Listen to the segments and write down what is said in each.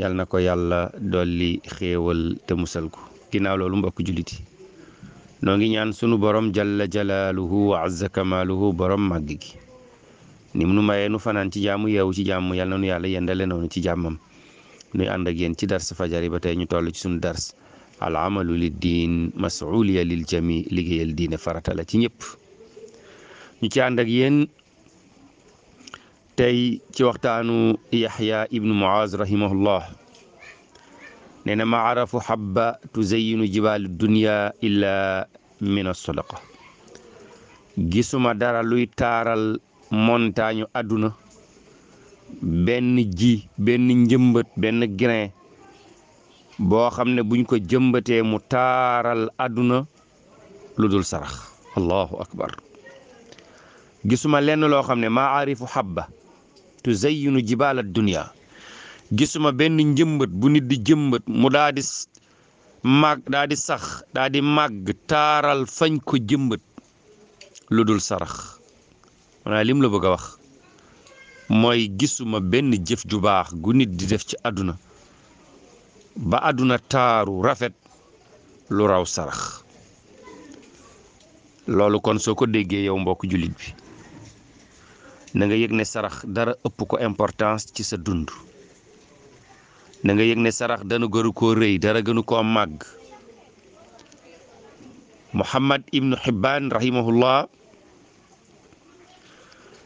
yàlla na ko yàlla dolli xéewal te musal ko ginaa loolu mbokk jullit yi noo ngi ñaan sunu borom jalla jalaaluhu wa azza kamaaluhu borom màgg gi ni mu nu mayee nu fanaan ci jàmm yeewu ci jàmm yàlla na nu yàlla yendale noonu ci jàmmam nuy ànd ak yéen ci dars fajar yi ba tey ñu toll ci sunu dars al amalu lid diin lil jami liggéeyal diine farata ci ñëpp ñu ci ànd ak yéen tey ci waxtaanu yaxya ibnu muaz rahimahullah nee na ma arafu xabba jibaalu dunya illa min asadaqa gisuma dara luy taaral montagne àdduna benn ji benn njëmbat benn grain boo xam ne buñ ko jëmbatee mu taaral àdduna lu dul sarax allahu akbar gisuma lenn loo xam ne maa xabba tuzayyinu jibalat dunya gisuma benn njëmbët bu nit di jëmbat mu daa di màgg sax daa di màgg taaral fañ ko jëmbat lu dul sarax maanaam lim la bëgg a wax mooy gisuma benn jëf ju baax gu nit di def ci àdduna ba àdduna taaru rafet lu raw sarax loolu kon soo ko déggee yow mbokk jullit bi nanga nga ne sarax dara ëpp ko importance ci sa dund na nga ne sarax dana gënu koo rëy dara gënu koo màgg Muhammad ibnu Hibbaan rahimahullah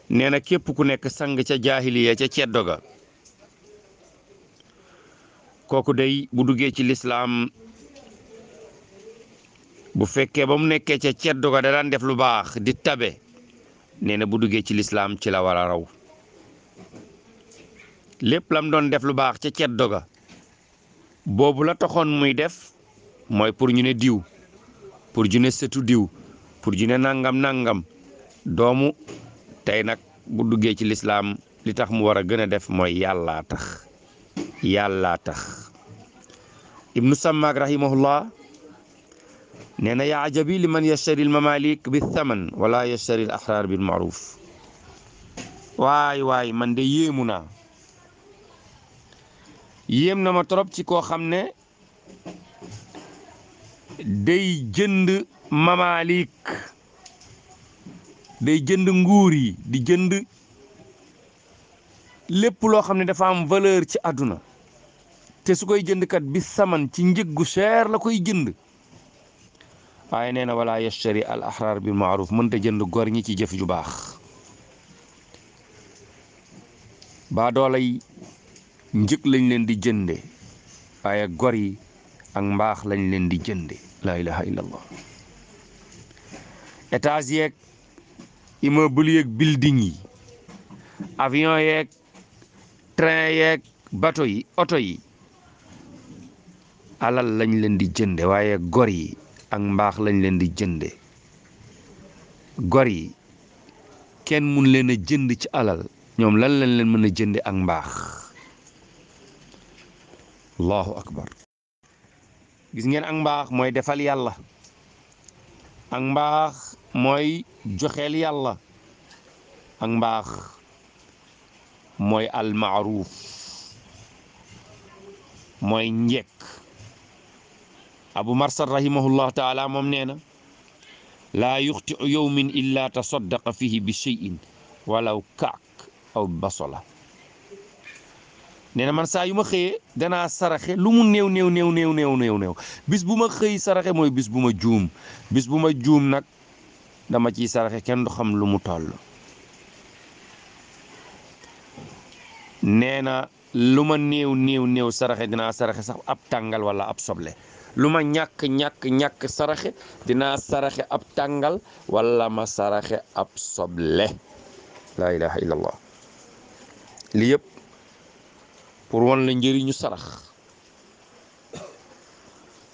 nee na képp ku nekk sang ca jaahiliya ca ceddo ga kooku day bu duggee ci lislaam bu fekkee ba mu nekkee ca ceddo ga da daan def lu baax di tabe nee na bu duggee ci lislaam ci la war a raw lépp lam doon def lu baax ca ceet doga boobu la toxoon muy def mooy pour ñu ne diw pour ju ne sëtu diw pour ju ne nangam nangam doomu tey nag bu duggee ci lislaam li tax mu war a gën a def mooy yàllaa tax yàllaa tax nee na yaa ajabi li man yashtari al mamalik bi thaman wala yashtari al ahrar bil maaruf waay waay man de yéemu naa yéem na ma trop ci koo xam ne day jënd mamalik day jënd nguur yi di jënd lépp loo xam ne dafa am valeur ci àdduna te su koy jënd kat bi saman ci njëggu cher la koy jënd waaye nee na wala yashtari al ahrar bil maaruf mënta jënd gor ñi ci jëf ju baax baa doolay njëg lañ leen di jënde waaye gor yi ak mbaax lañ leen di jënde laa ilaha illallah étage yeeg immeuble yeeg building yi avion yeeg train yeeg bateau yi oto yi alal lañ leen di jënde waaye gor yi ak mbaax lañ leen di jënde gor yi kenn mun leen a jënd ci alal ñoom lan lañ leen mën a jënde ak mbaax allahu akbar gis ngeen ak mbaax mooy defal yàlla ak mbaax mooy joxeel yàlla ak mbaax mooy almaaruf mooy njekk abu marsad rahimahullahu taala moom nee na laa yuxtiu yowmin illa tasaddaqa fihi bi cheyin walaw kaak aw basola nee man saa yu ma xëyee danaa saraxe lu mu néew néew néew néew néew néew néew bu ma xëy saraxe mooy bis bu ma juum bis bu ma juum nag dama ciy saraxe kenn du xam lu mu toll nee na lu ma néew néew saraxe dinaa saraxe sax ab tàngal wala ab soble lu ma ñàkk ñàkk ñàkk saraxe dina saraxe ab tàngal walla ma saraxe ab soble laa ilaha illallah li yëpp pour wan la njëriñu sarax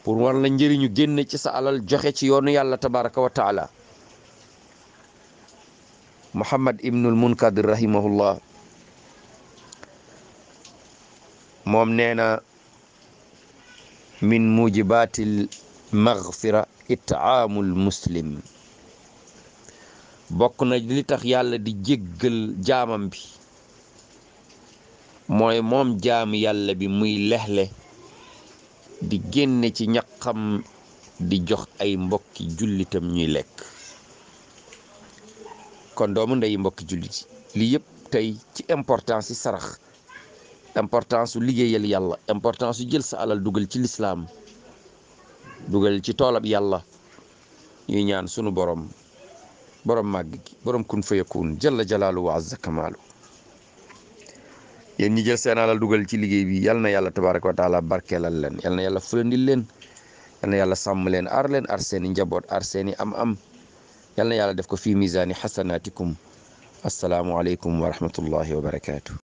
pour wan la njëriñu génn ci sa alal joxe ci yoonu yàlla tabaraka wa taala muhammad ibnul munkadir rahimahullah moom nee min mujibatil maghfira itaamul muslim bokk na li tax yàlla di jéggal jaamam bi mooy moom jaam yàlla bi muy leexle di génne ci ñaqam di jox ay mbokki jullitam ñuy lekk kon doomu ndeyu mbokki jullit li yëpp tey ci importance yi sarax importance su liggéeyal yàlla importance su jël sa alal dugal ci lislaam dugal ci toolab yàlla ñuy ñaan sunu borom borom màgg gi borom kun fa yakun jalla jalaalu wa azza kamaalu yéen jël seen alal dugal ci liggéey bi yal na yàlla tabaaraka wa taala barkeelal leen yal na yàlla fulandil leen yal na yàlla sàmm leen aar leen aar seeni njaboot ar seeni am-am yal na yàlla def ko fii misaani xasanaatikum assalaamu aleykum wa rahmatullahi wa barakaatu.